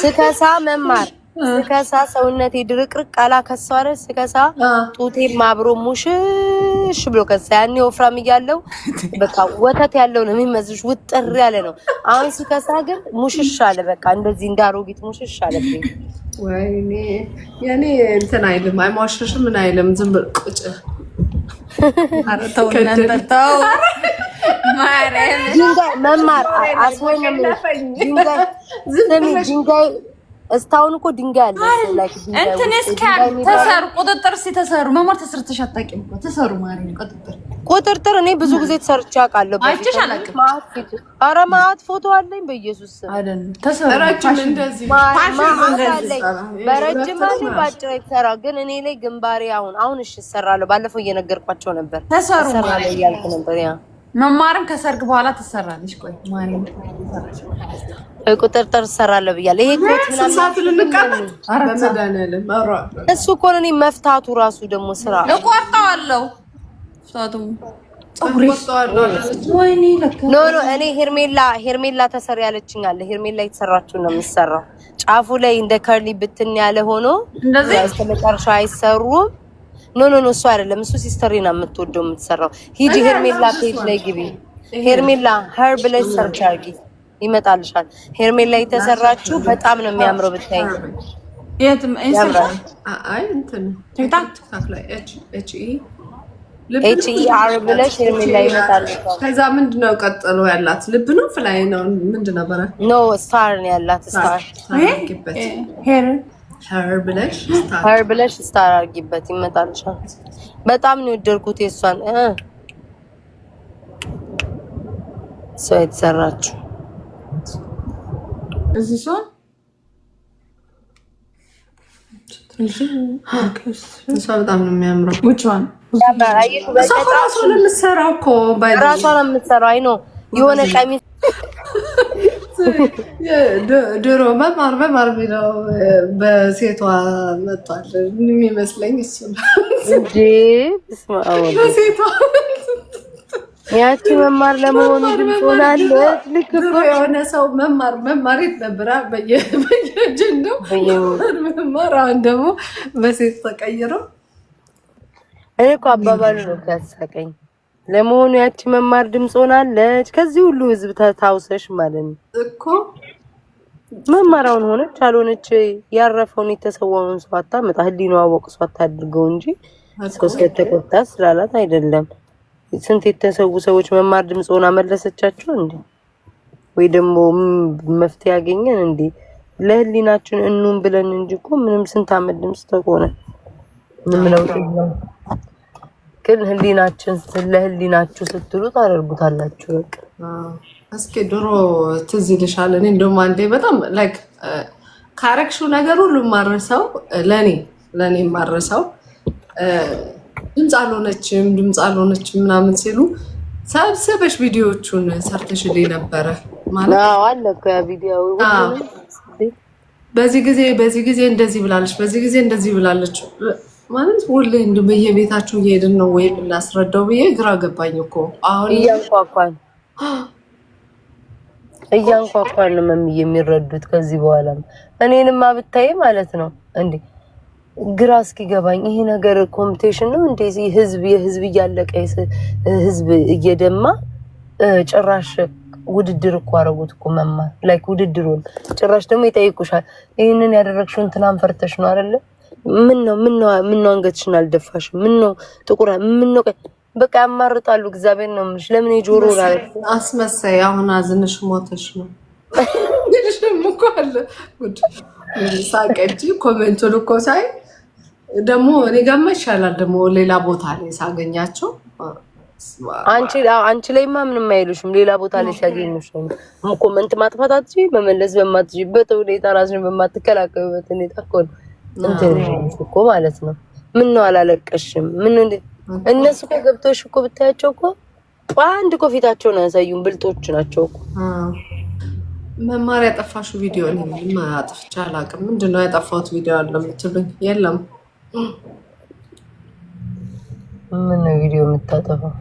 ስከሳ መማር ስከሳ ሰውነቴ ድርቅርቅ ቃላ ከሷረ ስከሳ ጡቴ ማብሮ ሙሽሽ ብሎ ከሳ። ያኔ ወፍራም እያለው በቃ ወተት ያለው ነው የሚመዝሽ ውጥር ያለ ነው። አሁን ስከሳ ግን ሙሽሽ አለ። በቃ እንደዚህ እንዳሮጊት ሙሽሽ አለብኝ። ወይኔ የኔ እንትን አይልም፣ አይሟሽሽም፣ ምን አይልም። ዝም ብሎ ቁጭ ተውነን ድንጋይ መማር አስወኝ ድንጋይ ስሚ እኮ ድንጋይ አለ እንትን ተሰሩ ቁጥጥር ሲተሰሩ መማር ተሰርተሽ አታውቂም እኮ ተሰሩ ቁጥጥር እኔ ብዙ ጊዜ ተሰርቼ አውቃለሁ። አይቼሽ አላውቅም። ኧረ ፎቶ አለኝ በኢየሱስ በረጅም አለኝ ግን እኔ ላይ ግንባሬ አሁን አሁን እሺ እሰራለሁ። ባለፈው እየነገርኳቸው ነበር እያልኩ ነበር መማርም ከሰርግ በኋላ ትሰራለች። ቆይ ቁጥርጥር ትሰራለሁ ብያለሁ። ይሄ እሱ እኮ ነው እኔ መፍታቱ ራሱ ደግሞ ስራ እቆርጠዋለሁ። ኖ ኖ እኔ ሄርሜላ ሄርሜላ ተሰሪ ያለችኝ አለ። ሄርሜላ የተሰራችው ነው የሚሰራው። ጫፉ ላይ እንደ ከርሊ ብትን ያለ ሆኖ እስከ መጨረሻ አይሰሩም። ኖ ኖ ኖ፣ እሱ አይደለም። እሱ ሲስተር ሲስተሪና የምትወደው የምትሰራው። ሂጂ ሄርሜላ ፔጅ ላይ ግቢ። ሄርሜላ ሀር ብለሽ ሰርች አርጊ ይመጣልሻል። ሄርሜላ የተሰራችው በጣም ነው የሚያምረው ብታይ ኤችኢአር ብለሽ ሄርሜላ ይመጣልሻል። ከዛ ምንድነው ቀጥሎ ያላት ልብ ነው ፍላይ ነው ምንድን ነበረ? ኖ ስታር ነው ያላት ስታር ሄር ብለሽ ስታር አድርጊበት ይመጣልሻል። በጣም ነው የወደድኩት የእሷን ሰው የተሰራችው እዚህ ሰው በጣም ነው የሚያምረው። ራሷ ነው የምትሰራው እኮ ራሷ ነው የምትሰራው። አይ ነው የሆነ ቀሚስ ድሮ መማር መማር ነው በሴቷ መጥቷል የሚመስለኝ እሱ በሴቷ ያቺ መማር ለመሆኑ ሆናለች። የሆነ ሰው መማር መማር የት ነበር በየጀንደው አሁን ደግሞ በሴት ተቀይረው እኔ እኮ አባባሉ ነው ያሳቀኝ። ለመሆኑ ያቺ መማር ድምፅ ሆናለች ከዚህ ሁሉ ህዝብ ተታውሰሽ ማለት ነው እኮ መማራውን ሆነች አልሆነች ያረፈውን የተሰዋውን ሰው አታመጣ አወቅ ወቅሷ አታድርገው እንጂ እኮ ስለተቆጣ ስላላት አይደለም ስንት የተሰዉ ሰዎች መማር ድምፅ ሆና መለሰቻቸው እንዴ ወይ ደግሞ መፍትሄ ያገኘን እንዴ ለህሊናችን እንሁን ብለን እንጂ እኮ ምንም ስንት አመት ድምፅ ተቆነ ምንም ለውጥ ግን ህሊናችን ህሊናችሁ ስትሉ ታደርጉታላችሁ። በቃ እስኪ ድሮ ትዝ ይልሻል። እኔ እንደውም አንዴ በጣም ላይክ ካረግሽው ነገር ሁሉ ማረሰው ለኔ ለኔ ማረሰው ድምፅ አልሆነችም ድምፅ አልሆነችም ምናምን ሲሉ ሰብስበሽ ቪዲዮዎቹን ሰርተሽልኝ ነበረ ማለት በዚህ ጊዜ በዚህ ጊዜ እንደዚህ ብላለች፣ በዚህ ጊዜ እንደዚህ ብላለች ማለት ሁሌ እንዲሁ በየቤታቸው እየሄድን ነው ወይ እናስረዳው ብዬ ግራ ገባኝ እኮ። አሁን እያንኳኳን እያንኳኳን ነው መምዬ የሚረዱት። ከዚህ በኋላም እኔንማ ብታይ ማለት ነው እንዴ ግራ እስኪገባኝ ይሄ ነገር ኮምፒቴሽን ነው እንዴ? እዚህ ህዝብ የህዝብ እያለቀ ህዝብ እየደማ ጭራሽ ውድድር እኮ አረጉት እኮ መማር ላይክ ውድድሩን ጭራሽ ደግሞ ይጠይቁሻል። ይህንን ያደረግሽውን ትናንት ፈርተሽ ነው አይደለ ምን ነው ምን ነው ምን ነው አንገትሽን አልደፋሽ? ምን ነው ጥቁር ምን ነው በቃ ያማርጣሉ። እግዚአብሔር ነው የምልሽ። ለምን የጆሮ ላይ አስመሳይ። አሁን አዝንሽ ሞተሽ ነው ልሽም እኮ አለ ሳቀች። ኮሜንቱን እኮ ሳይ ደግሞ እኔ ጋማ ይሻላል። ደግሞ ሌላ ቦታ ላይ ሳገኛቸው አንቺ አንቺ ላይማ ምንም አይሉሽም። ሌላ ቦታ ላይ ሲያገኙሽ ነው ኮመንት ማጥፋት አትችይ፣ መመለስ በማትችይበት ሁኔታ ራስሽን በማትከላከይበት ሁኔታ እኮ ነው እንትን እኮ ማለት ነው። ምን ነው አላለቀሽም? ምን እነሱ እኮ ገብቶሽ እኮ ብታያቸው እኮ አንድ እኮ ፊታቸውን አያሳዩም። ብልጦች ናቸው እኮ። መማር ያጠፋሽው ቪዲዮ ምንም አጥፍቼ አላውቅም። ምንድን ነው ያጠፋሁት ቪዲዮ አለ የምትሉኝ? የለም። ምን ቪዲዮ የምታጠፋው?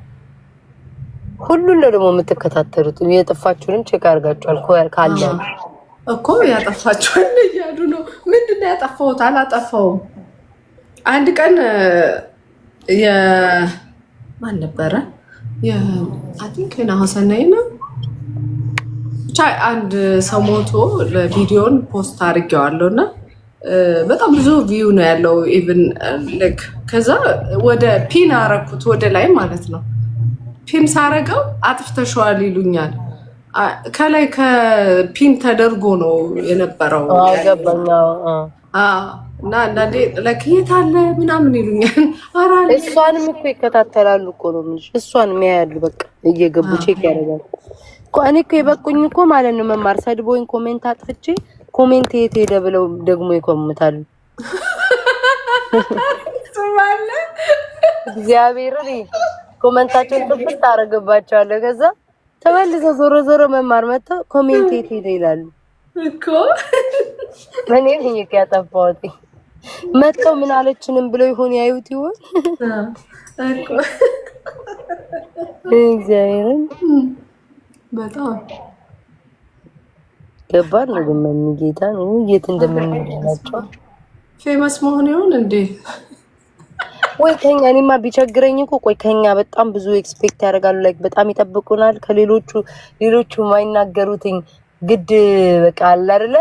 ሁሉን ነው ደግሞ የምትከታተሉት። የጠፋችሁንም ቼክ አድርጋችኋል ካለ እኮ ያጠፋቸዋል እያሉ ነው። ምንድን ነው ያጠፋሁት? አላጠፋውም። አንድ ቀን ማን ነበረ ናሀሰናይ ነው ብቻ አንድ ሰው ሞቶ ቪዲዮን ፖስት አድርጌዋለሁ እና በጣም ብዙ ቪው ነው ያለው። ኢቭን ልክ ከዛ ወደ ፒን አረኩት ወደ ላይ ማለት ነው። ፒን ሳረገው አጥፍተሸዋል ይሉኛል ከላይ ከፒን ተደርጎ ነው የነበረው እና አንዳንዴ ለክየት አለ ምናምን ይሉኛል። እሷንም እኮ ይከታተላሉ እኮ ነው የምልሽ። እሷን የሚያያሉ በቃ እየገቡ ቼክ ያደርጋሉ። እኔ እኮ የበቁኝ እኮ ማለት ነው መማር ሰድቦኝ ኮሜንት አጥፍቼ ኮሜንት የት ሄደ ብለው ደግሞ ይኮምታሉ። እግዚአብሔር ኮመንታቸውን ጥፍት ታደርግባቸዋለሁ ከዛ ተመልሰው ዞሮ ዞሮ መማር መጥተው ኮሜንቴት ሄደ ይላሉ እኮ እኔ ነኝ ያጠፋሁት። መጥተው ምን አለችንም ብለው ይሆን ያዩት ይሆን እኮ እግዚአብሔርን በጣም ገባን ነው ግን ነው የት እንደምንላቸው ፌመስ መሆን ይሆን እንዴ? ወይ ከኛ እኔማ ቢቸግረኝ እኮ ቆይ ከኛ በጣም ብዙ ኤክስፔክት ያደርጋሉ። ላይክ በጣም ይጠብቁናል። ከሌሎቹ ሌሎቹ የማይናገሩትኝ ግድ በቃ አለ አይደለ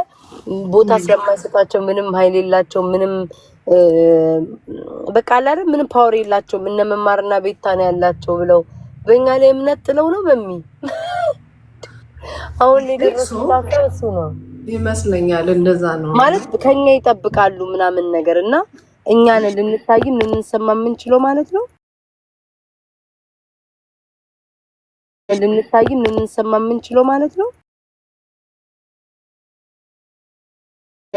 ቦታ ስለማይሰጣቸው ምንም ኃይል የላቸው ምንም በቃ አለ አይደል ምንም ፓወር የላቸው እነ መማርና ቤታ ነው ያላቸው ብለው በእኛ ላይ እምነት ጥለው ነው በሚ አሁን ሊደርሱ እሱ ነው ይመስለኛል። እንደዛ ነው ማለት ከኛ ይጠብቃሉ ምናምን ነገር እና እኛን ልንታይም ልንሰማ የምንችለው ማለት ነው። ልንታይም ልንሰማ የምንችለው ማለት ነው።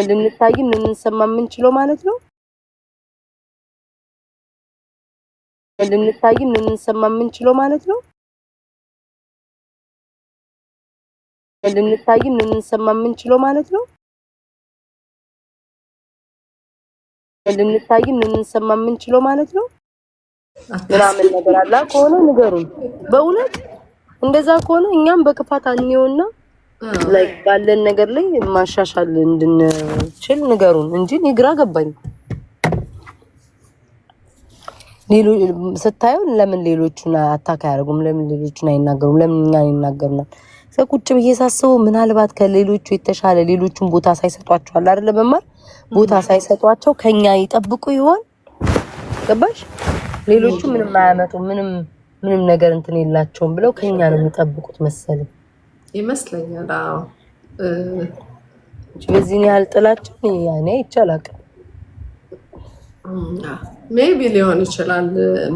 ልንታይም ልንሰማ የምንችለው ማለት ነው። ልንታይም ልንሰማ የምንችለው ማለት ነው። ልንታይም ልንሰማ የምንችለው ማለት ነው። ልንታይ ልንሰማ የምንችለው ማለት ነው ምናምን ነገር አላ ከሆነ ንገሩን። በእውነት እንደዛ ከሆነ እኛም በክፋት አንየውና ላይ ባለን ነገር ላይ ማሻሻል እንድንችል ንገሩን እንጂ ግራ ገባኝ። ስታዩ ለምን ሌሎቹን አታካ ያደርጉም ለምን ሌሎቹን አይናገሩም? ለምን እኛን ይናገሩናል? ሰው ቁጭ ብዬ ሳስበው ምናልባት ከሌሎቹ የተሻለ ሌሎቹን ቦታ ሳይሰጧቸዋል አይደለ መማር ቦታ ሳይሰጧቸው ከኛ ይጠብቁ ይሆን? ገባሽ? ሌሎቹ ምንም አያመጡ ምንም ምንም ነገር እንትን የላቸውም ብለው ከኛ ነው የሚጠብቁት መሰለኝ ይመስለኛል። በዚህን ያህል ጥላቸው ያኔ ይቻላል ሜቢ ሊሆን ይችላል።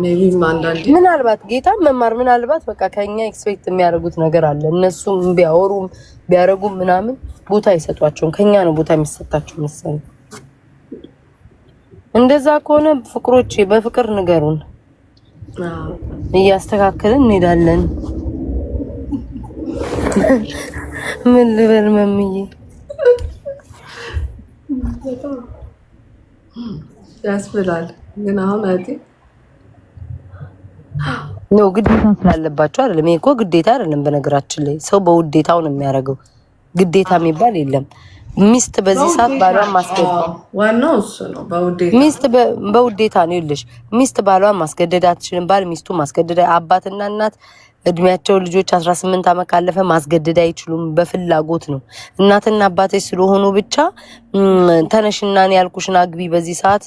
ሜቢ አንዳንዴ ምናልባት ጌታ መማር ምናልባት በቃ ከኛ ኤክስፔክት የሚያደርጉት ነገር አለ። እነሱም ቢያወሩም ቢያደርጉም ምናምን ቦታ አይሰጧቸውም። ከኛ ነው ቦታ የሚሰጣቸው መሰለኝ። እንደዛ ከሆነ ፍቅሮቼ በፍቅር ንገሩን፣ እያስተካከልን እንሄዳለን። ምን ልበል መምዬ ያስብላል። ግን አሁን አይቲ ኖ ግዴታ ስላለባቸው አይደለም። ይሄ እኮ ግዴታ አይደለም። በነገራችን ላይ ሰው በውዴታው ነው የሚያደርገው። ግዴታ የሚባል የለም። ሚስት በዚህ ሰዓት ባሏን ማስገደድ ዋናው እሱ ነው። ሚስት በውዴታ ነው ይልሽ። ሚስት ባሏን ማስገደድ አትችልም። ባል ሚስቱ ማስገደድ፣ አባትና እናት እድሜያቸው ልጆች 18 ስምንት ዓመት ካለፈ ማስገደድ አይችሉም። በፍላጎት ነው። እናትና አባቴ ስለሆኑ ብቻ ተነሽናን ያልኩሽን አግቢ፣ በዚህ ሰዓት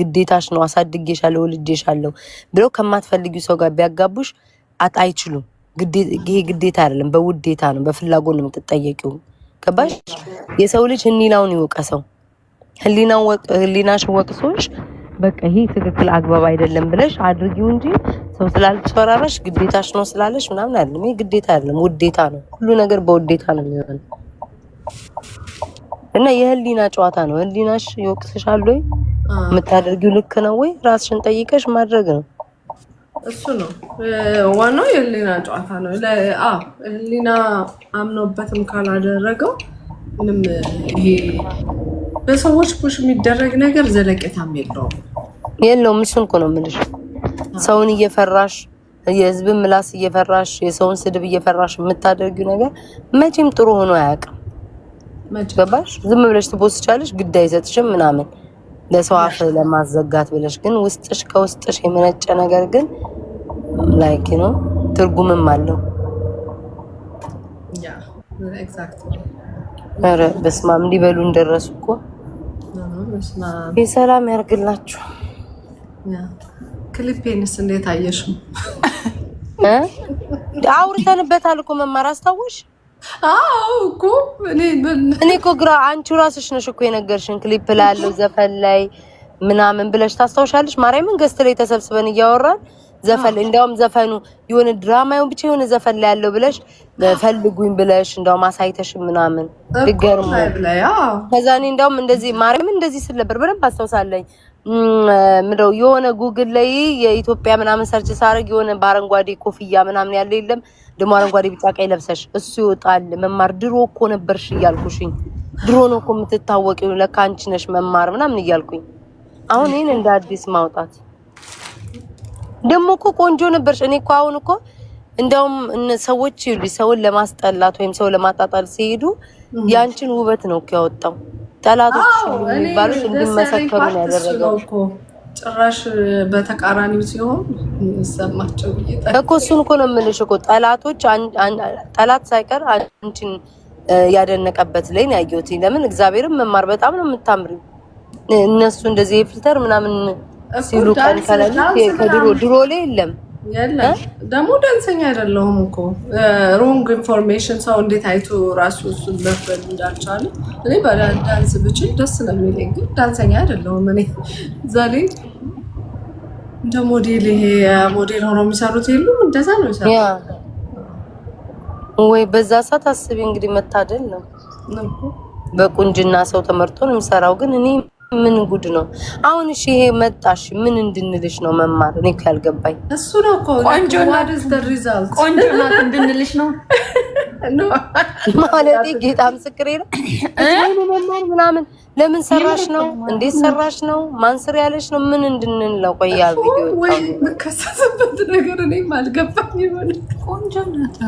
ግዴታሽ ነው፣ አሳድጌሻለሁ፣ ወልጄሻለሁ ብለው ከማትፈልጊ ሰው ጋር ቢያጋቡሽ አይችሉም። ይሄ ግዴታ አይደለም፣ በውዴታ ነው፣ በፍላጎት ነው የምትጠየቂው። ገባሽ? የሰው ልጅ ህሊናውን ይወቀሰው። ህሊናሽ ወቅሶሽ በቃ ይሄ ትክክል አግባብ አይደለም ብለሽ አድርጊው እንጂ ሰው ስላልተፈራራሽ ግዴታሽ ነው ስላለሽ ምናምን አይደለም። ይሄ ግዴታ አይደለም፣ ውዴታ ነው። ሁሉ ነገር በውዴታ ነው የሚሆነው እና የህሊና ጨዋታ ነው። ህሊናሽ ይወቅስሻል ወይ የምታደርጊው ልክ ነው ወይ ራስሽን ጠይቀሽ ማድረግ ነው። እሱ ነው ዋናው። የህሊና ጨዋታ ነው። ህሊና አምኖበትም ካላደረገው ምንም ይሄ በሰዎች ፑሽ የሚደረግ ነገር ዘለቄታም የለውም። የለውም። እሱን እኮ ነው የምልሽ። ሰውን እየፈራሽ የህዝብን ምላስ እየፈራሽ የሰውን ስድብ እየፈራሽ የምታደርጊው ነገር መቼም ጥሩ ሆኖ አያውቅም። ገባሽ? ዝም ብለሽ ትቦስቻለሽ፣ ግድ አይሰጥሽም ምናምን ለሰው አፍ ለማዘጋት ብለሽ ግን ውስጥሽ ከውስጥሽ የመነጨ ነገር ግን ላይክ ነው ትርጉምም አለው። ኧረ በስመ አብ እንዲበሉን ደረሱ እኮ። የሰላም ያርግላችሁ። ክሊፔንስ እንዴት አየሽ? አውርተንበታል እኮ መማር አስታወሽ? አዎ እኮ እኔ እኮ ግራ አንቺ ራስሽ ነሽ እኮ የነገርሽን ክሊፕ ላለው ዘፈን ላይ ምናምን ብለሽ ታስታውሻለሽ? ማርያምን ገስት ላይ ተሰብስበን እያወራን ዘፈን እንዲያውም ዘፈኑ የሆነ ድራማ ይሁን ብቻ የሆነ ዘፈን ላይ ያለው ብለሽ ፈልጉኝ ብለሽ እንዲያውም አሳይተሽ ምናምን ድገርሙ ከዛ እኔ እንዲያውም እንደዚህ ማርያም እንደዚህ ስል ነበር በደንብ አስታውሳለኝ። ምንድነው የሆነ ጉግል ላይ የኢትዮጵያ ምናምን ሰርች ሳረግ የሆነ በአረንጓዴ ኮፍያ ምናምን ያለ የለም ደግሞ አረንጓዴ ቢጫ ቀይ ለብሰሽ እሱ ይወጣል መማር ድሮ እኮ ነበርሽ እያልኩሽኝ ድሮ ነው እኮ የምትታወቂ ለካ አንቺ ነሽ መማር ምናምን እያልኩኝ አሁን ይህን እንደ አዲስ ማውጣት ደግሞ እኮ ቆንጆ ነበርሽ። እኔ እኮ አሁን እኮ እንደውም ሰዎች ሰውን ለማስጠላት ወይም ሰው ለማጣጣል ሲሄዱ ያንቺን ውበት ነው እኮ ያወጣው። ጠላቶች የሚባሉት እንዲመሰከሩ ነው ያደረገው። ጭራሽ በተቃራኒው ሲሆን ሰማቸው እኮ እሱን እኮ ነው የምልሽ እኮ ጠላቶች ጠላት ሳይቀር አንቺን ያደነቀበት ላይ ነው ያየሁት። ለምን እግዚአብሔርን መማር በጣም ነው የምታምሪው። እነሱ እንደዚህ የፊልተር ምናምን ሲሉ ቀን ከድሮ ድሮ ላይ የለም ደግሞ ዳንሰኛ አይደለሁም እኮ ሮንግ ኢንፎርሜሽን። ሰው እንዴት አይቶ ራሱ እሱን በፍል እንዳልቻለ እኔ በዳንስ ብችል ደስ ነው የሚለኝ፣ ግን ዳንሰኛ አይደለሁም እኔ ዛሬ እንደ ሞዴል ይሄ ሞዴል ሆኖ የሚሰሩት የሉ እንደዛ ነው ይሰሩ ወይ በዛ ሰዓት አስቢ እንግዲህ መታደል ነው። በቁንጅና ሰው ተመርጦ ነው የሚሰራው። ግን እኔ ምን ጉድ ነው አሁን? እሺ ይሄ መጣሽ፣ ምን እንድንልሽ ነው መማር? እኔ እኮ ያልገባኝ እሱ ነው እኮ ቆንጆ ናት እንድንልሽ ነው ማለት ጌታ ምስክሬ ነው። ምናምን ለምን ሰራሽ ነው እንዴት ሰራሽ ነው ማንስር ያለሽ ነው ምን እንድንለው? ቆይ ያል ነገር እኔም አልገባኝ። ቆንጆ ናት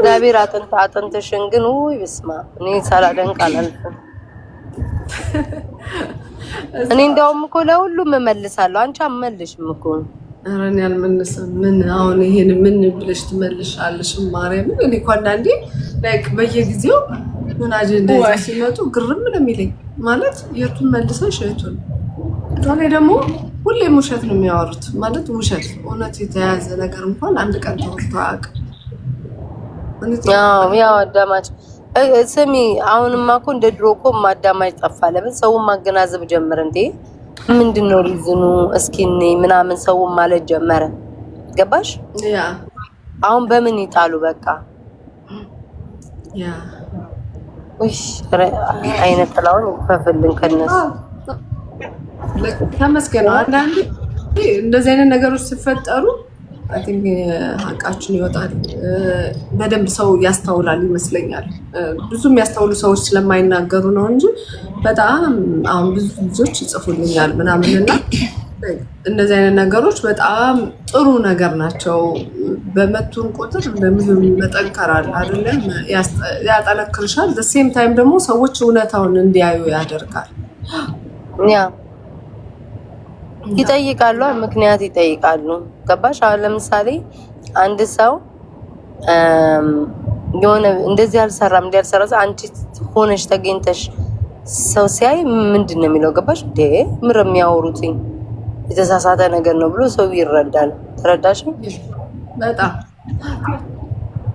እግዚአብሔር አጥንት አጥንትሽን ግን ውይ ብስማ እኔ ሳላደንቅ አላልኩም። እኔ እንደውም እኮ ለሁሉም እመልሳለሁ። አንቺ አትመልሽም እኮ። ኧረ እኔ አልመልስም። ምን አሁን ይሄን ምን ብለሽ ትመልሻለሽ? ማርያምን እኔ እኮ አንዳንዴ ላይክ በየጊዜው ምን አጀንዳ ሲመጡ ግርም ነው የሚለኝ። ማለት የቱን መልሰሽ የቱን እኔ ደግሞ ሁሌም ውሸት ነው የሚያወሩት። ማለት ውሸት እውነት የተያዘ ነገር እንኳን አንድ ቀን ተወርቶ አያውቅም። ያው ያው አዳማጭ ስሚ አሁንማ እኮ እንደ ድሮ እኮ ማዳማጭ ጠፋ። ለምን ሰውን ማገናዘብ ጀመረ እንዴ? ምንድን ነው ሪዝኑ? እስኪ እኔ ምናምን ሰውን ማለት ጀመረ። ገባሽ? አሁን በምን ይጣሉ? በቃ አይነት ጥላውን ይፈፍልን ከነሱ ተመስገን። አንዳንዴ እንደዚህ አይነት ነገሮች ሲፈጠሩ ሀቃችን ይወጣል። በደንብ ሰው ያስታውላል ይመስለኛል። ብዙ የሚያስታውሉ ሰዎች ስለማይናገሩ ነው እንጂ በጣም አሁን ብዙ ልጆች ይጽፉልኛል ምናምንና እነዚህ አይነት ነገሮች በጣም ጥሩ ነገር ናቸው። በመቱን ቁጥር በምግብ መጠንከራል አይደለም፣ ያጠነክርሻል። በሴም ታይም ደግሞ ሰዎች እውነታውን እንዲያዩ ያደርጋል። ይጠይቃሉ፣ ምክንያት ይጠይቃሉ። ገባሽ? አሁን ለምሳሌ አንድ ሰው የሆነ እንደዚህ አልሰራም እንዲ ያልሰራ አንቺ ሆነሽ ተገኝተሽ ሰው ሲያይ ምንድን ነው የሚለው? ገባሽ? እንዴ ምር የሚያወሩትኝ የተሳሳተ ነገር ነው ብሎ ሰው ይረዳል። ተረዳሽ? በጣም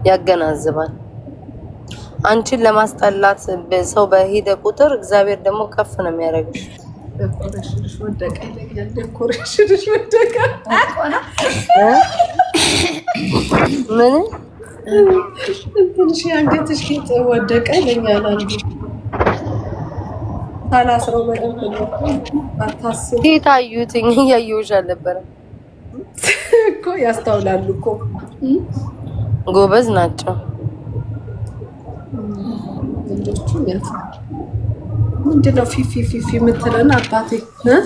ያገናዝባል። አንቺን ለማስጠላት ሰው በሄደ ቁጥር እግዚአብሔር ደግሞ ከፍ ነው የሚያደርግሽ። ደኮሬሽንሽ ወደቀ ይለኛል። ደኮሬሽንሽ ወደቀ ምን እንትንሽ አንገትሽ ጌጥ ወደቀ ይለኛል። አንዱ ሳላስረው በደንብ አታስብ። ጌጥ አዩትኝ እያየሁሽ አልነበረም እኮ ያስታውላሉ እኮ ጎበዝ ናቸው። ምንድን ነው ፊፊ ፊፊ የምትለን? አባቴ ፊፊ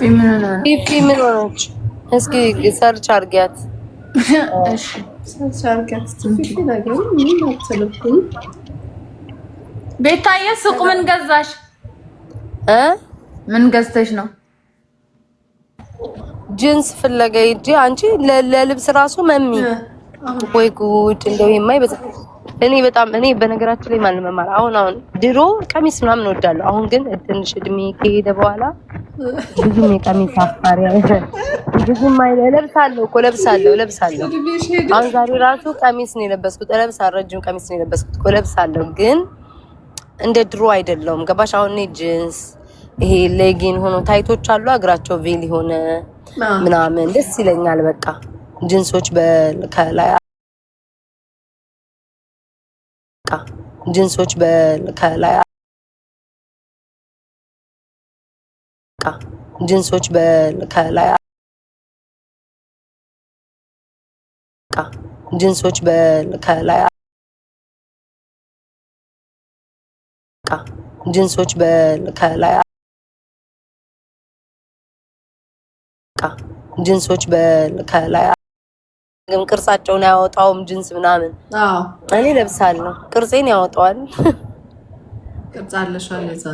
ምን ሆነች? እስኪ ሰርች አድርጊያት፣ ሰርች አድርጊያት። ነገር ምን አትልኩም። ቤታዬ ሱቅ ምን ገዛሽ? ምን ገዝተሽ ነው? ጅንስ ፍለጋ ሂጂ አንቺ ለልብስ ራሱ መሚ። ወይ ጉድ እንደው የማይበዛ እኔ በጣም እኔ በነገራችን ላይ ማን መማር አሁን አሁን ድሮ ቀሚስ ምናምን እወዳለሁ። አሁን ግን ትንሽ እድሜ ከሄደ በኋላ ብዙም የቀሚስ አፋሪ ብዙም እለብሳለሁ እኮ እለብሳለሁ እለብሳለሁ። አሁን ዛሬ ራሱ ቀሚስ ነው የለበስኩት፣ እለብሳለሁ። ረጅም ቀሚስ ነው የለበስኩት እኮ እለብሳለሁ፣ ግን እንደ ድሮ አይደለውም። ገባሽ? አሁን እኔ ጅንስ ይሄ ሌጊን ሆኖ ታይቶች አሉ እግራቸው ቬል የሆነ ምናምን ደስ ይለኛል። በቃ ጅንሶች ከላይ ጅንሶች ከላይ ጅንሶች ከላይ ጅንሶች ከላይ ጅንሶች ከላይ ጅንሶች ከላይ ግን ቅርጻቸውን አያወጣውም። ጅንስ ምናምን እኔ ለብሳለሁ። ቅርጼን ያወጣዋል። ቅርጻለሻል እዛ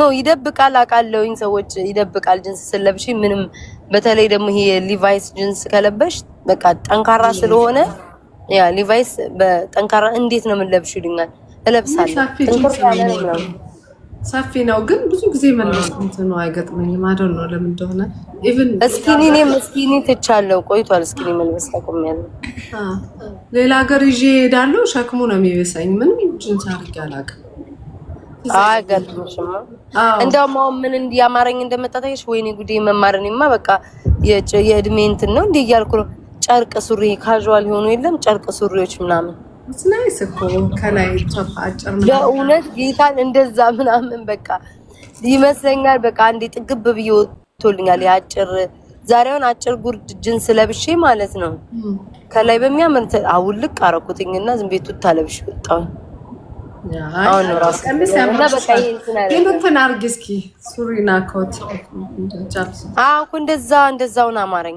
ነው ይደብቃል። አውቃለሁኝ ሰዎች ይደብቃል። ጅንስ ስለብሽ ምንም፣ በተለይ ደግሞ ይሄ ሊቫይስ ጅንስ ከለበሽ በቃ ጠንካራ ስለሆነ ያ ሊቫይስ በጠንካራ እንዴት ነው የምንለብሽ ይሉኛል። እለብሳለሁ ጥንኩር ያለ ነው ሰፊ ነው ግን ብዙ ጊዜ መለሱ እንትኑ አይገጥመኝም። አደን ነው ለምን እንደሆነ ኢቭን እስኪኒ እኔም እስኪኒ ትቻለሁ ቆይቷል። እስኪኒ መልበስ ያለ ሌላ ሀገር ይዤ እሄዳለሁ። ሸክሙ ነው የሚበሳኝ። ምንም ጅንስ አድርጌ አላውቅም። አያጋጥምሽማ። እንደውም አሁን ምን አማረኝ እንደመጣታሽ። ወይኔ ጉዴ መማረንማ በቃ የእድሜ እንትን ነው እንዲህ እያልኩ ነው። ጨርቅ ሱሪ ካዥዋል የሆኑ የለም ጨርቅ ሱሪዎች ምናምን ስናይስ እኮ ከላይ አጭር በእውነት ጌታን እንደዛ ምናምን በቃ ይመስለኛል። በቃ አንዴ ጥግብ ብዬ ወጥቶልኛል። የአጭር ዛሬውን አጭር ጉርድ ጅንስ ለብሼ ማለት ነው። ከላይ በሚያምር አውልቅ አረኩትኝና ዝም ቤቱ ታለብሽ ወጣሁ። አሁን ራሱ አርጊ እስኪ ሱሪና ኮት እንደዛ እንደዛውን አማረኝ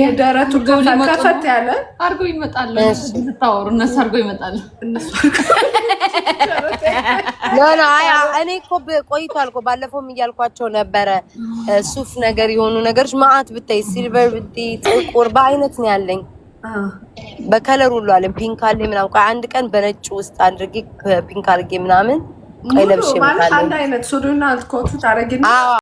የደረቱ ከፈት ያለ አርጎ ይመጣል። እነሱ አርጎ ይመጣል። እኔ እኮ ቆይቷል እኮ ባለፈውም እያልኳቸው ነበረ። ሱፍ ነገር የሆኑ ነገሮች ማአት ብታይ ሲልቨር ብታይ ጥቁር በአይነት ነው ያለኝ። በከለር ሁሉ አለ ፒንክ አለኝ ምናምን። ቆይ አንድ ቀን በነጭ ውስጥ አድርጌ ፒንክ አድርጌ ምናምን ቆይ ለብሼ እመጣለሁ። አንድ አይነት ሱሪና ኮቱ ታረጊ